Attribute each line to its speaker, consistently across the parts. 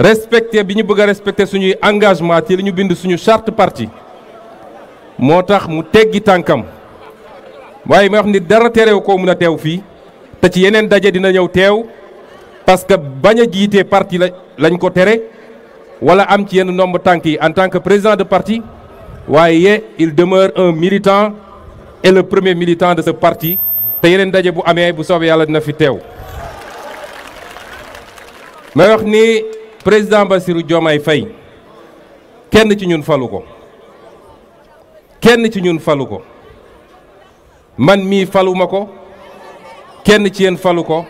Speaker 1: Respecter, biñu bëgg respecter suñu engagement ci liñu bind suñu charte parti motax mu teggi tankam. waye may wax ni dara téré ko mëna a fi té ci daje dina ñëw parce que baña jité parti lañ ko téré wala am ci yenn nombre en tant que président de parti waïe, il demeure un militant et le premier militant de ce parti té yenen daje bu amé bu soob yalla dina fi may wax ni président Bassirou Diomaye Faye kenn ci ñun falu ko kenn ci ñun falu ko man mii faluma ko kenn ci yenn falu ko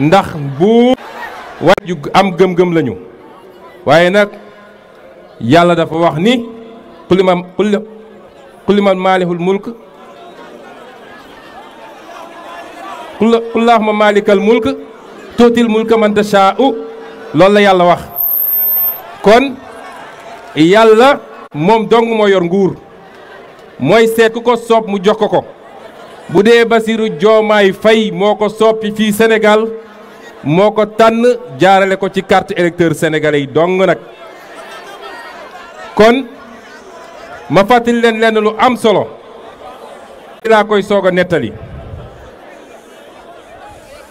Speaker 1: ndax bu war am gëm-gëm lañu waaye nag yàlla dafa wax ni kulima kuliman maalihul mulk kullahuma mulk tuutil mulka man tashaa'u loolu la yàlla wax kon yàlla moom dong moo yor nguur mooy seet ko soob mu jox ko ko bu dee Basiru Joomaay Fay moo ko soppi fii Sénégal moo ko tànn jaarale ko ci carte électeur sénégalais yi dong nag kon ma fàttali leen lenn lu am solo laa koy soog a nettali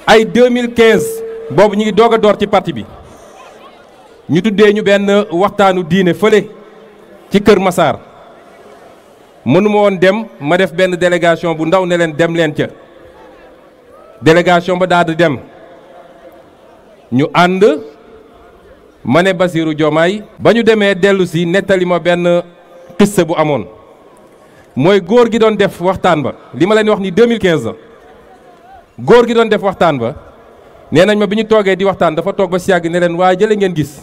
Speaker 1: ay 2015 boobu ñu ngi doog a door ci parti bi ñu tuddee ñu benn waxtaanu diine fële ci Kër Massar mënuma woon dem ma def benn délégation bu ndaw ne leen dem leen ca délégation ba daal dem ñu ànd ma ne basiiru joomaay ba ñu demee dellu si nettali ma benn xiste bu amoon mooy góor gi doon def waxtaan ba li ma leen wax ni 2015 la Gor gi doon def waxtaan ba nee nañ ma bi ñu toogee di waxtaan dafa toog ba si ne leen waaye jële ngeen gis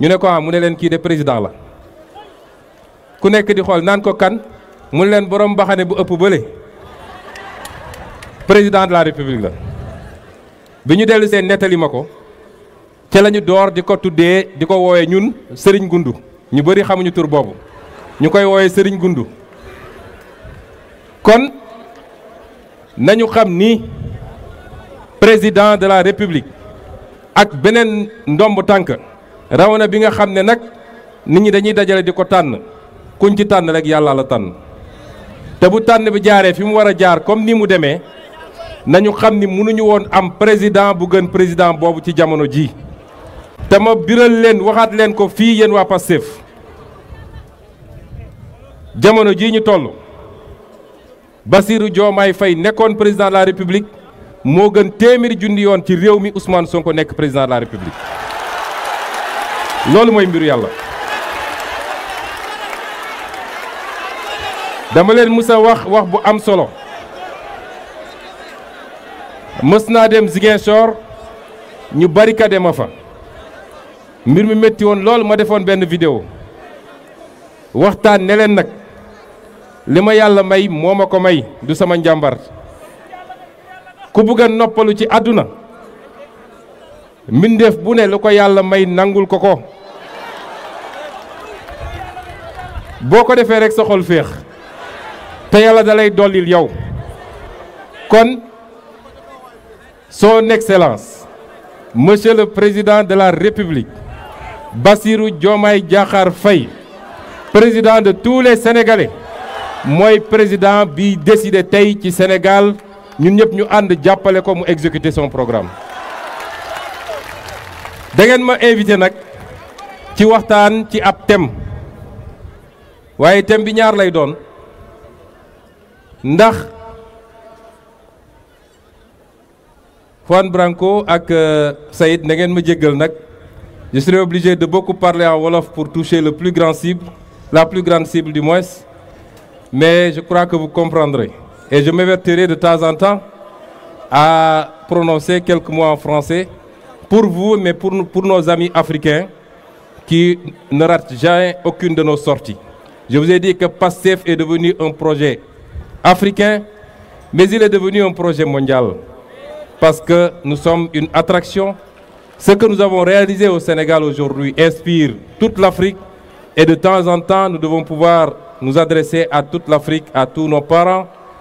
Speaker 1: ñu ne ko ah mu ne leen kii de président la ku nekk di xool naan ko kan mu ne borom baxane bu ëpp bële président de la république la bi ñu dellu seen nettali ma ko ca la ñu door di ko tuddee di ko wooyee ñun sëriñ gundu ñu bëri xamuñu tur boobu ñu koy wooyee sëriñ gundu kon nañu xam ni président de la république ak beneen ndomb tànk rawane bi nga xam ne nag nit ñi dañuy dajale di ko tànn kuñ ci tànn rek yàlla la tànn te bu tànn bi jaaree fi mu war a jaar kom nii mu demee nañu xam ni mënuñu woon am président bu gën président boobu ci jamono jii te ma biral leen waxaat leen ko fii yéen waa Pastef jamono jii ñu toll Bassirou Diomaye fay nekkoon président de la République mo gën téeméeri junni yoon ci Ousmane Sonko Nek, président de la République loolu mooy mbiru yàlla. dama leen musa wax wax bu am solo mës naa dem Sor ñu ka fa mbir mi métti woon lool ma defoon benn vidéo waxtaan ne leen nag li ma yàlla may ma may du sama njàmbar ku bëgg a noppalu ci àdduna mbindeef bu ne lu ko yàlla may nangul ko ko boo rek soxol te yàlla yow kon son excellence monsieur le président de la république Bassirou Diomaye Diakhar Fay, président de tous les sénégalais moi président bi décidé tey ci Sénégal ñun ñëpp ñu ànd jàppale ko mu exécuter son programme da ngeen ma invité nag ci waxtaan ci ab thème waaye thème bi ñaar lay doon ndax Juan Branco ak euh, Saïd na ngeen ma je serai obligé de beaucoup parler en wolof pour toucher le plus grand cible la plus grande cible du moins mais je crois que vous comprendrez et je m'évertirai de temps en temps à prononcer quelques mots en français pour vous, mais pour, pour nos amis africains qui ne ratent jamais aucune de nos sorties. Je vous ai dit que PASTEF est devenu un projet africain, mais il est devenu un projet mondial parce que nous sommes une attraction. Ce que nous avons réalisé au Sénégal aujourd'hui inspire toute l'Afrique et de temps en temps, nous devons pouvoir nous adresser à toute l'Afrique, à tous nos parents,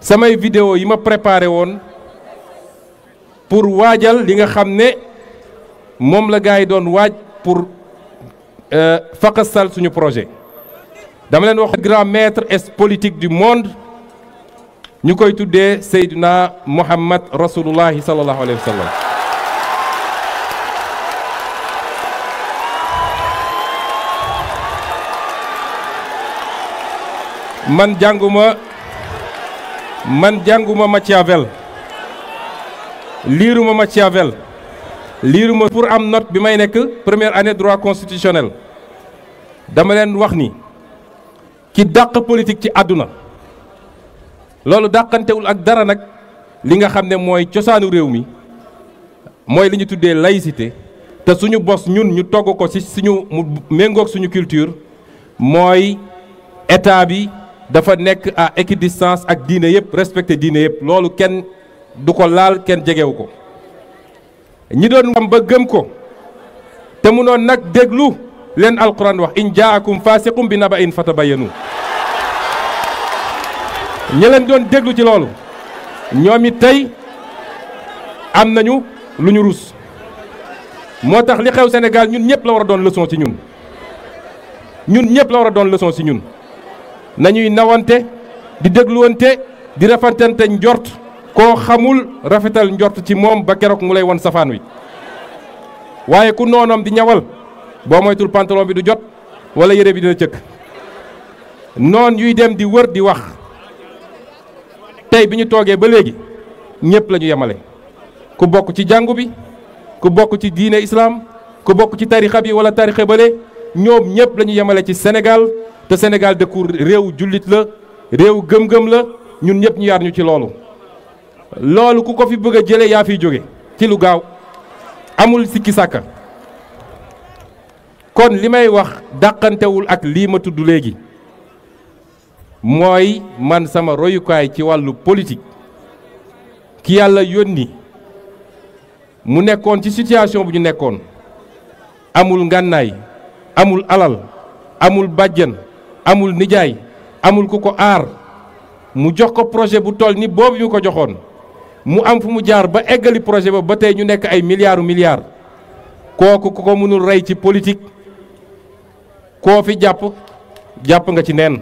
Speaker 1: samay vidéo yi ma préparé won pour waajal li nga xamné ne la gars doon waaj pour euh, faqasal suñu projet dama len wax grand maître est politique du monde ñukoy tuddé sayyidina Muhammad Rasulullah sallallahu Alaihi Wasallam. man janguma man janguma Machiavel liruma Machiavel liruma pour am note bi may nek première année droit constitutionnel dama len wax ni ki dak politique ci àdduna loolu dàqantewul ak dara nak li nga xamne tasunyu ciosanu cosaanu mi mooy laïcité te suñu bos ñun ñu togg ko ci suñu mu suñu culture moy état bi dafa nek à équidistance ak diine yëpp respecté diine yëpp lolou kenn du ko laal kenn djégé wuko ñi doon xam ba gëm ko té mu noon nag déglu leen alquran wax in jaakum fasiqun bi naba fatabayanu ñi leen doon déglu ci lolou ñomi tay am nañu luñu ñu rus moo li xew Sénégal ñun ñëpp la wara doon leçon ci ñun ñun ñëpp la wara doon leçon ci ñun nañuy nawante di dégluwante di rafetante njort koo xamul rafetal njort ci moom ba keroog mu lay won safaan wi waaye ku noonoom di ñawal boo moytul pantalon bi du jot wala yére bi dina cëkk noon yuy dem di wër di wax tey bi ñu toogee ba léegi ñëpp la ñu yemale ku bokk ci jàngu bi ku bokk ci diine islaam ku bokk ci tarixa bi wala tarixa bële ñoom ñëpp la ñu yemale ci Sénégal te Sénégal dëkku réew jullit la réew gëmgëm la ñun ñëpp ñu yar ci loolu loolu ku ko fi bëgg a jëlee yaa fiy jóge ci lu gaaw amul sikki sàkka kon li may wax dàqantewul ak lii ma tudd léegi mooy man sama royukaay ci wàllu politik ki yàlla yónni mu nekkoon ci situation bu ñu nekkoon amul ngànnaay amul alal amul bàjjan amul nijaay amul ku ko aar mu jox ko projet bu toll ni boobu ñu ko joxoon mu am fu mu jaar ba eggali projet ba ba tey ñu nekk ay milliards milliards kooku ku ko mënul rey ci politique koo fi jàpp jàpp nga ci neen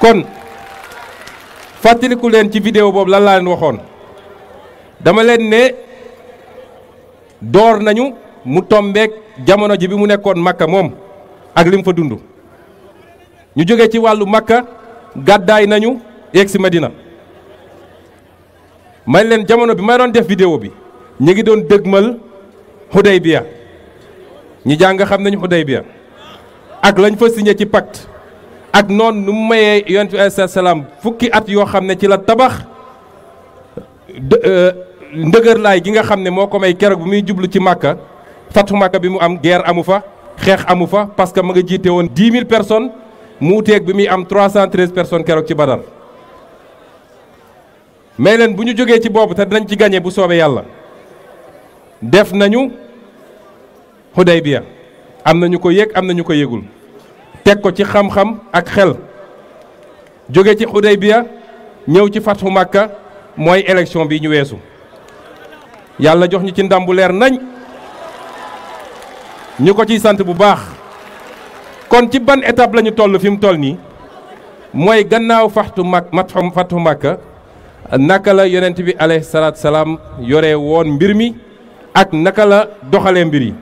Speaker 1: kon fàttaliku leen ci vidéo boobu lan laa waxoon dama leen ne door nañu mu tombeek jamono ji bi mu nekkoon Makka moom ak lim fa dund ñu jóge ci wàllu makka gàddaay nañu yegg si dina may leen jamono bi may doon def vidéo bi ñu ngi doon dëgmal Hudaybiya ñi jàng xam nañu Hudaybiya ak lañ fa signé ci pacte ak noon nu mayee yonent bi alayhi fukki at yoo xam ne ci la tabax euh, ndëgërlaay gi nga xam ne moo ko may keroog bi muy jublu ci màkka fatu màkka bi mu am guerre amu fa Amufa, parce que ma nga 10 000 personnes bi mi 313 personnes kérok ci Badar mais len de joggé ci bobu té dañ ci gagné bu soobé def nañu Hudaybiya am nañu ko am nañu ko yegul ko ci xam-xam ak xel joggé ci Hudaybiya ñew ci Makka élection bi ñu wésu nous jox ñu ci ndam bu nañ. ñu ko ci sant bu baax kon ci ban étape lañu ñu toll fi mu toll nii mooy gannaaw faxtu mak mat fatxu màkka naka la yonent bi alayhi salaatu salaam yore woon mbir mi ak naka la doxalee mbir yi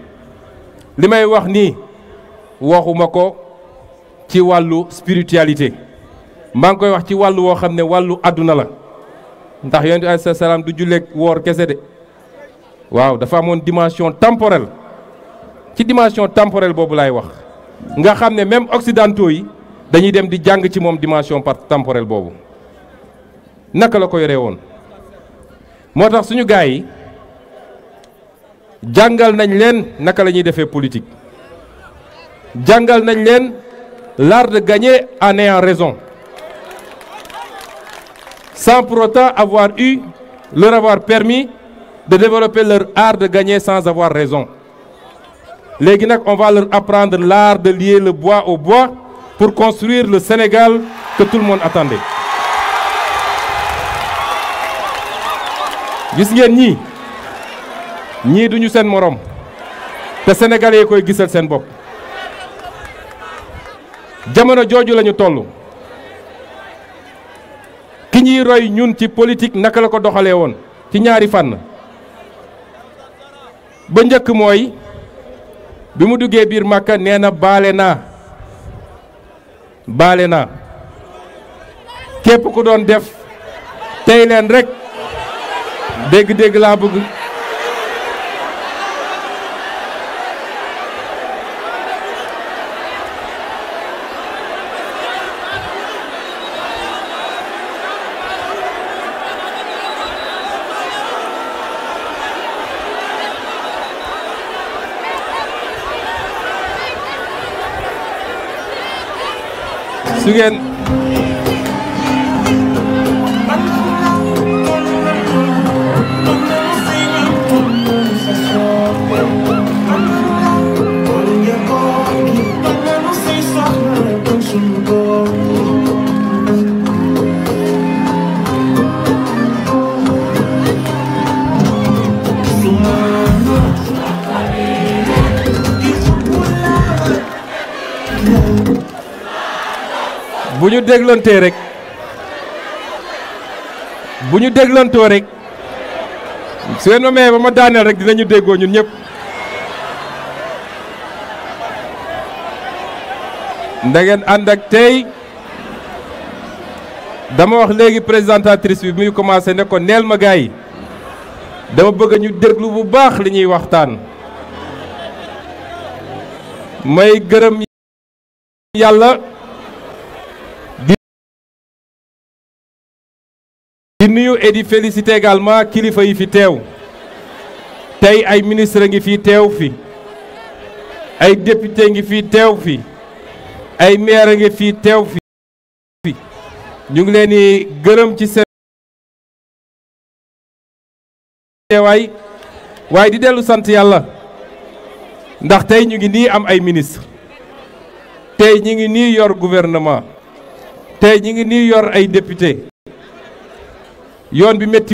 Speaker 1: li may wax nii waxuma ko ci wàllu spiritualité maa ngi koy wax ci wàllu woo xam ne wàllu àdduna la ndax yonent bi alayhi du julleeg woor kese de waaw dafa amoon dimension temporel ci dimension temporelle boobu laay wax nga xam même occidentaux yi dañuy dem di jàng ci dimension par temporelle boobu naka la ko yoree woon moo tax suñu gars yi jàngal nañ leen naka la ñuy defee politique jàngal nañ leen l'art de gagner en ayant raison sans pour autant avoir eu leur avoir permis de développer leur art de gagner sans avoir raison léegi nag on va leur apprendre l'art de lier le bois au bois pour construire le Sénégal que tout le monde attendait gis ngeen ñii ñii duñu seen morom te sénégalais yi koy gisal seen bopp jamono jooju lañu toll ki ñuy roy ñun ci politique naka la ko doxalee woon ci ñaari fànn ba njëkk bi mu duggee biir màkka nee na baale naa baale naa képp ku doon def tey leen rekk dégg-dégg laa bëgg 두개 bu ñu déglantee rek bu ñu déglantoo rek su ma mee ba ma daaneel rek dinañu déggoo ñun ñëpp da ngeen ànd ak tey dama wax léegi présentatrice bi muy commencé ne ko neel ma gaay yi dama bëgg ñu déglu bu baax li ñuy waxtaan may gërëm yàlla nuyu et di féliciter également kilifa yi fi tew tay ay ministre ngi fi tew fi ay député ngi fi tew fi ay maire ngi fi tew fi ñu ngi leen gëreum ci sé teewaay way di dellu sante yalla ndax tay ñu ngi ni am ay ministre tay ñi ngi ni yor gouvernement tay ñi ngi ni yor ay député yoon bi métti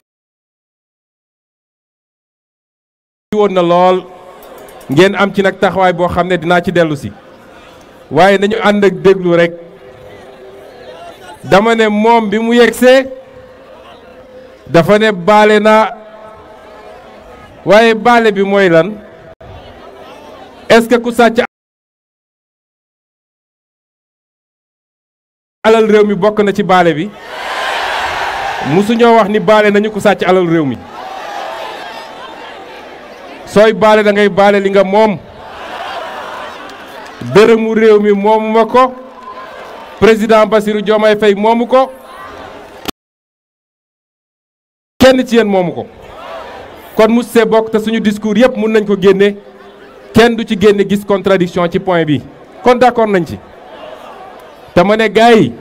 Speaker 1: woon na lool ngeen am ci nag taxawaay boo xam ne dinaa ci dellusi waaye nañu ànd ak déglu rek dama ne moom bi mu yegsee dafa ne baale na waaye baale bi mooy lan est ku sàcc alal réew mi bokk na ci baale bi musuñu wax ni balé nañu ko sacc alal réew mi soy balé da ngay mom. li nga mom dërëmu réew mi mom mako président Bassirou Diomaye fay mom ko kenn ci yeen mom ko kon musse bok te suñu discours yëpp mën nañ ko génné kenn du ci génné gis contradiction ci point bi kon d'accord nañ ci te ma ne gars yi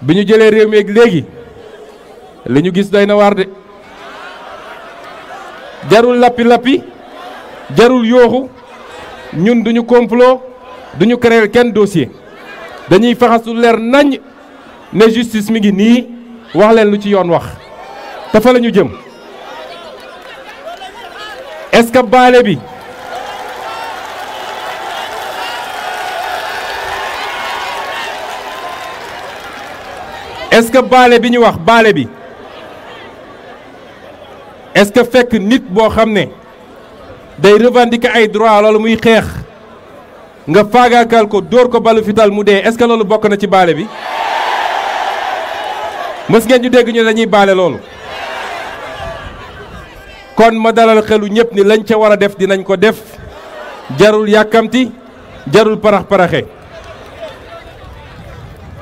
Speaker 1: mi ak légui li ñu gis day na waar de jarul lappi lappi jarul yooxu ñun duñu complot duñu créer kenn dossier dañuy faxasu leer nañ ne justice mi ngi nii wax leen lu ci yoon wax te fa la ñu jëm est-ce que baale bi est-ce que baale bi ñu wax baale bi est-ce que fekk nit boo xam ne day revendiquer ay droit loolu muy xeex nga faagaakal ko dóor ko balu fital mu dee est loolu bokk na ci baale bi mës ngeen ñu dégg ñu dañuy baale loolu kon ma dalal xelu ñépp ni lañ ca war a def dinañ ko def jarul yàkkamti jarul parax-paraxe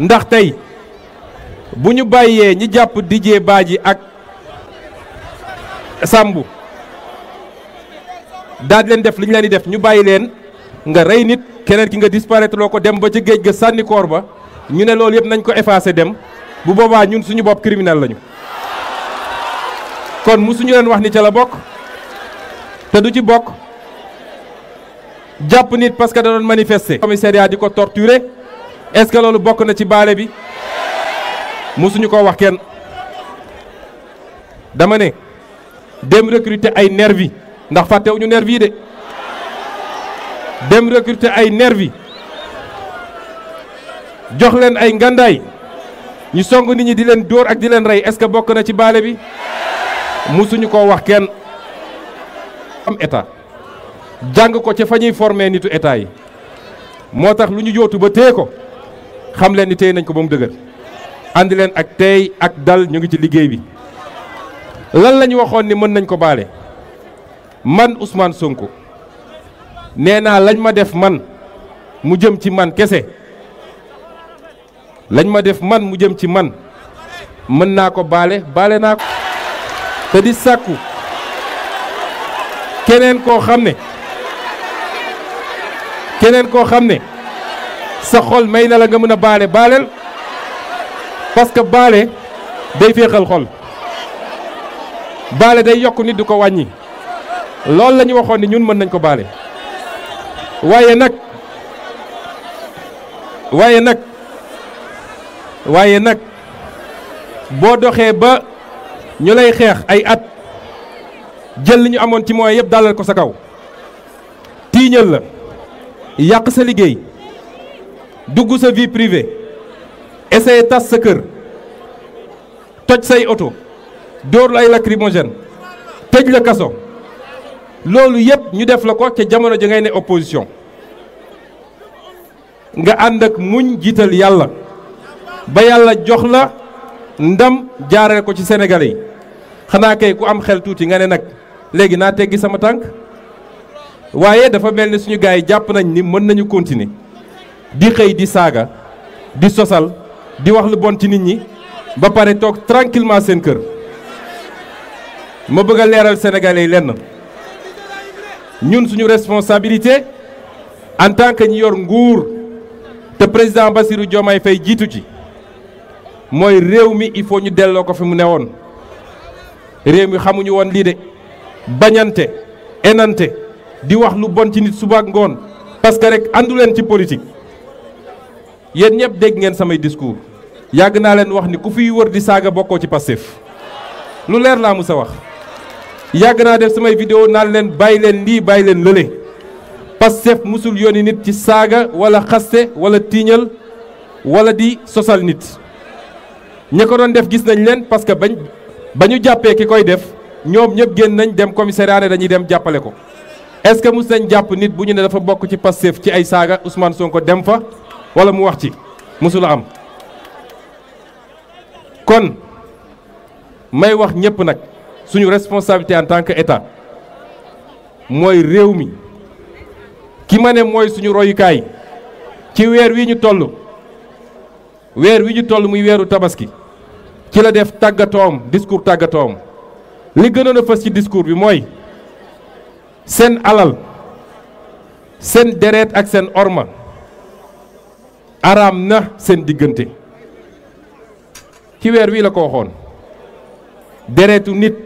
Speaker 1: ndax tey bu ñu bàyyee ñi jàpp Didier Badji ak Sambu, daal di leen def liñ ñu def ñu bayi len nga rey nit keneen ki nga disparaître loko dem ba ci geej ga sanni koor ba ñu ne loolu yëpp nañ ko effacer dem bu boba ñun suñu bop criminel lañu kon musuñu len wax ni ci la bok te du ci bok japp nit parce que da doon manifester. commissariat diko torturer est-ce que loolu bok na ci balé bi musuñu ko wax ken dama ne. dem recruter ay nervi ndax fàttewuñu nervi yi de dem recruter ay nervi jox leen ay ngandaay ñu song nit ñi di leen dóor ak di leen rey est-ce que bokk na ci baale bi musuñu ko wax kenn am état jàng ko ca fa ñuy formé nitu état yi moo tax lu ñu yootu ba téye ko xam leen ni téye nañ ko ba mu dëgër àndi leen ak tey ak dal ñu ngi ci liggéey bi lan la ñu waxoon ni mën nañ ko baale man usmaan Sonko nee naa lañ ma def man mu jëm ci man kese lañ ma def man mu jëm ci man mën naa ko baale baale naa ko te di sàkku keneen koo xam ne keneen koo xam ne sa xol may na la nga mën a baale baalel parce que baale day féexal xol balé day yok nit du wañi wàññi lañu waxon ni ñun mën nañ ko balé wayé nak wayé nak wayé nak bo doxé ba ñu lay xex ay at jël li ñu amon ci moy yeb dalal ko sa kaw tiiñal la yaq sa liggéey dugg sa vie privée essayer tas sa kër toj say auto dóor la ay lacrymogène la kaso loolu ñu def la ko ca jamono ji ngay opposition nga ànd ak muñ jiital yàlla ba yàlla jox la ndam jaaree ko ci Sénégalais yi xanaa kay ku am xel tuuti nga ne nag léegi naa teggi sama tànk waaye dafa ni suñu gars yi nañ ni di xëy di di sosal di wax lu bon tranquillement ma bëgg a leeral sénégalais yi lenn ñun suñu responsabilité en tant que ñu yor nguur te président Bassirou Diomaye fay jiitu ci mooy réew mi il faut ñu delloo ko fi mu ne woon réew mi xamuñu woon lii de bañante enante di wax lu bon ci nit suba ngoon parce que rek àndu ci politique yéen ñëpp dégg ngeen samay discours yàgg naa leen wax ni ku fi wër di saaga bokkoo ci Pastef lu leer laa musa wax yàgg naa def samay vidéo naan leen bàyyi leen lii bàyyi leen lële Pastef musul yónni nit ci saaga wala xaste wala tiiñal wala di sosal nit ña ko doon def gis nañ leen parce que bañ ba ñu jàppee ki koy def ñoom ñëpp génn nañ dem commissariat ne dañuy dem jàppale ko est-ce que mus nañ jàpp nit bu ñu ne dafa bokk ci Pastef ci ay saaga son ko dem fa wala mu wax ci mësula am kon may wax ñëpp nag suñu responsabilité en tant que état mooy réew mi ki ma ne mooy suñu royukaay ci weer wi ñu toll weer wi ñu toll muy weeru tabaski ci la def tàggatoom discours tàggatoom li gëna a fës ci discours bi mooy seen alal seen deret ak seen orma araam na seen diggante ci weer wi la ko waxoon deretu nit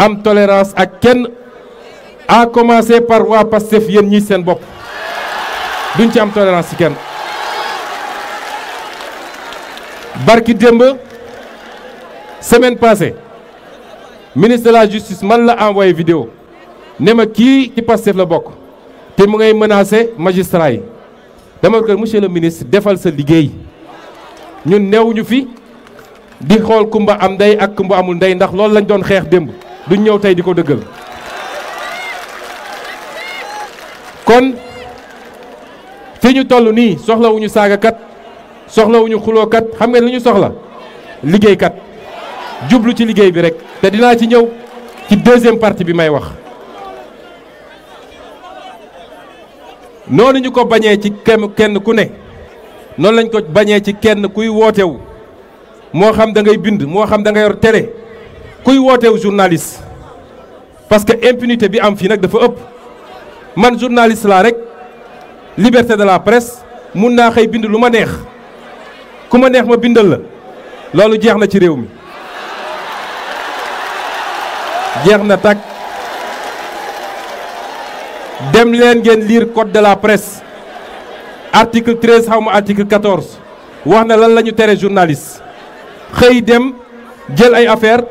Speaker 1: am tolérance ak kenn a commencé par wa Pastef yéen ñi seen bopp duñ ci am tolérance ci kenn barki démb semaine passée ministre de la justice man la envoyé vidéo ne ma kii ci Pastef la bok te mu ngay menacer magistrat yi dama ko monsieur le ministre defal sa liggéey ñun newuñu fi di xool kumba am ndey ak kumba amul ndey ndax loolu lañ doon xeex démb duñ ñëw tey di ko kon fi ñu saga kat soxla wuñu xulo kat xam nga li ñu soxla kat, jublu ci liggey bi rek te dina ci ñew ci deuxième partie bi may wax noonu ñu ko bañé ci kenn ku ne non lañ ko bañé ci kenn kuy wootewu mo xam da ngay bind mo xam da ngay yor télé kuy le journaliste parce que l'impunité bi am fii dafa journaliste liberté de la presse mun naa xëy bind lu neex ku ma neex ma bindal na ci mi jeex lire code de la presse article 13 xaw article 14 wax na lan journaliste dem ay affaire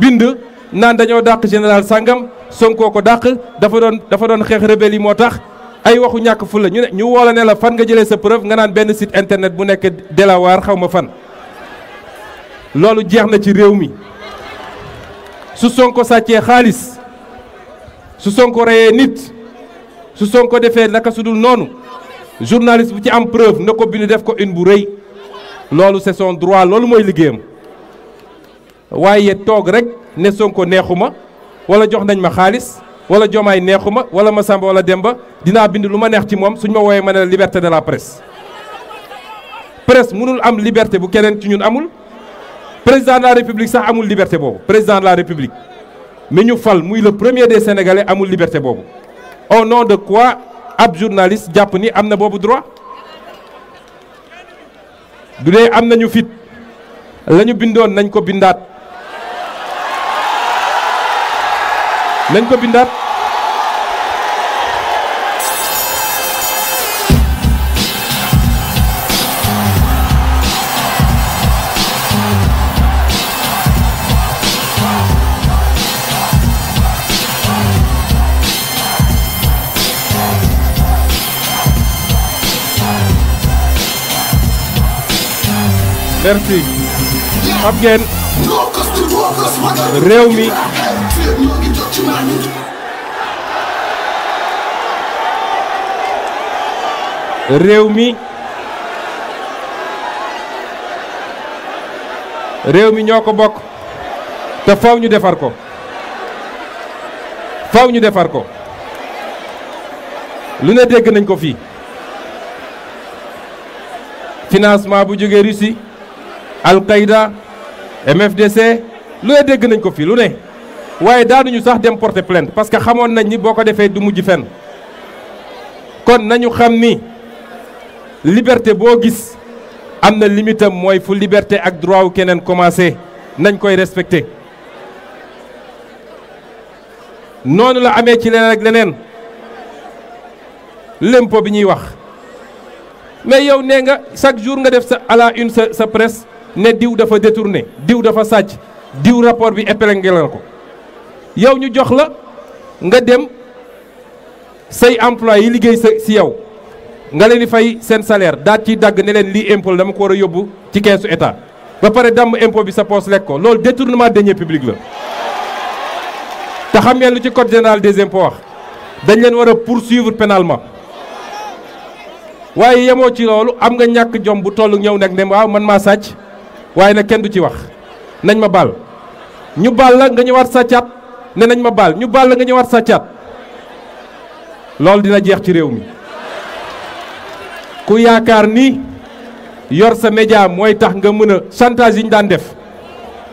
Speaker 1: bind naan dañoo dàq général sàngam Sonko ko dàq dafa doon dafa doon xeex rebelle yi moo tax ay waxu ñàkk fu la ñu ne ñu woo la ne la fan nga jëlee sa preuve nga naan benn sit internet bu nekk delawaar xaw ma fan loolu jeex na ci réew mi su Sonko sàccee xaalis su Sonko reyee nit su Sonko defee naka su dul noonu journaliste bu ci am preuve na ko bi def ko une bu rëy loolu c'est son droit loolu mooy liggéeyam waaye toog rek ne Sonko qui wala jox nañ ma xaalis wala jomaay neexuma wala ma wala demba dinaa bind lu ma ci ma la liberté de la presse. presse am liberté bu ci amul président de la république amul liberté président de la république Mais ñu fal le premier des sénégalais amul liberté au nom de quoi ab journaliste ni na droit du dee am fit nañ ko bindat Merci. Abgen. Rewmi. réew réew mi réew mi ñoo ko bokk te faw ñu defar ko faw ñu defar ko lu ne dégg nañ ko fi financement bu jógee Russie Al-Qaïda MFDC lu ne dégg nañ ko fii lu ne waaye daanuñu sax dem porter plainte parce que xamoon nañ ni boo ko defee du mujj fen kon nañu xam ni. liberté bo gis amna na limite am fu liberté ak droit kenen keneen commencé nañ koy respecter nonu la amé ci leneen ak lenen lempo bi ñuy wax mais yow nee nga chaque jour nga def sa ala une sa sa presse ne diw dafa détourné diw dafa sacc diw rapport bi épinglé ko yow ñu jox la nga dem say emploi yi liggéey sa si yow nga leen fay sen salaire da ci dag ne leen li impôt dama ko wara yobbu ci caisse état ba pare dam impôt bi sa poste lek ko lol détournement deniers public la ta xam ngeen lu ci code général des impôts wax dañ leen wara poursuivre pénalement waye yamo ci lolou am nga ñak jom bu tollu ñew nak ne waaw man ma sacc waye nak kenn du ci wax nañ ma bal ñu bal la nga ñëwaat saccat ne nañ ma bal ñu bal la nga saccat dina jeex ci réew ku yaakaar ni yor sa média mooy tax nga mën a chantage yi ñu daan def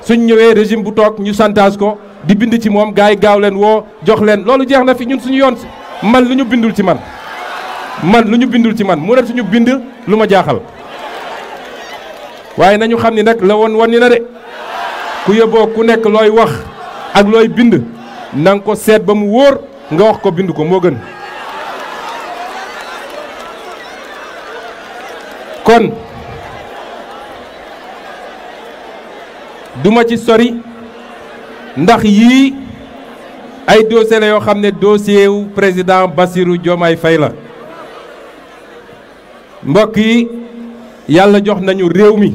Speaker 1: suñ ñëwee régime bu toog ñu chantage ko di bind ci moom gars yi gaaw leen woo jox leen loolu jeex na fi ñun suñu yoon man lu ñu bindul ci man man lu ñu bindul ci man mu ne suñu bind lu ma jaaxal waaye nañu xam ni nag la woon woon ni na de ku yeboo ku nekk looy wax ak looy bind na ko seet ba mu wóor nga wax ko bind ko moo gën kon duma ci sori ndax yi ay dossier la yo xamne dossier wu president basirou diomay fay la mbok yi yalla jox nañu rew mi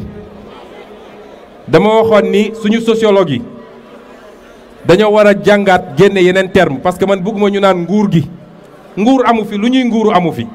Speaker 1: dama ni suñu sociologue dañu wara jangat genn yenen terme parce que man bëgguma ñu naan nguur gi nguur amu fi luñuy nguuru amu fi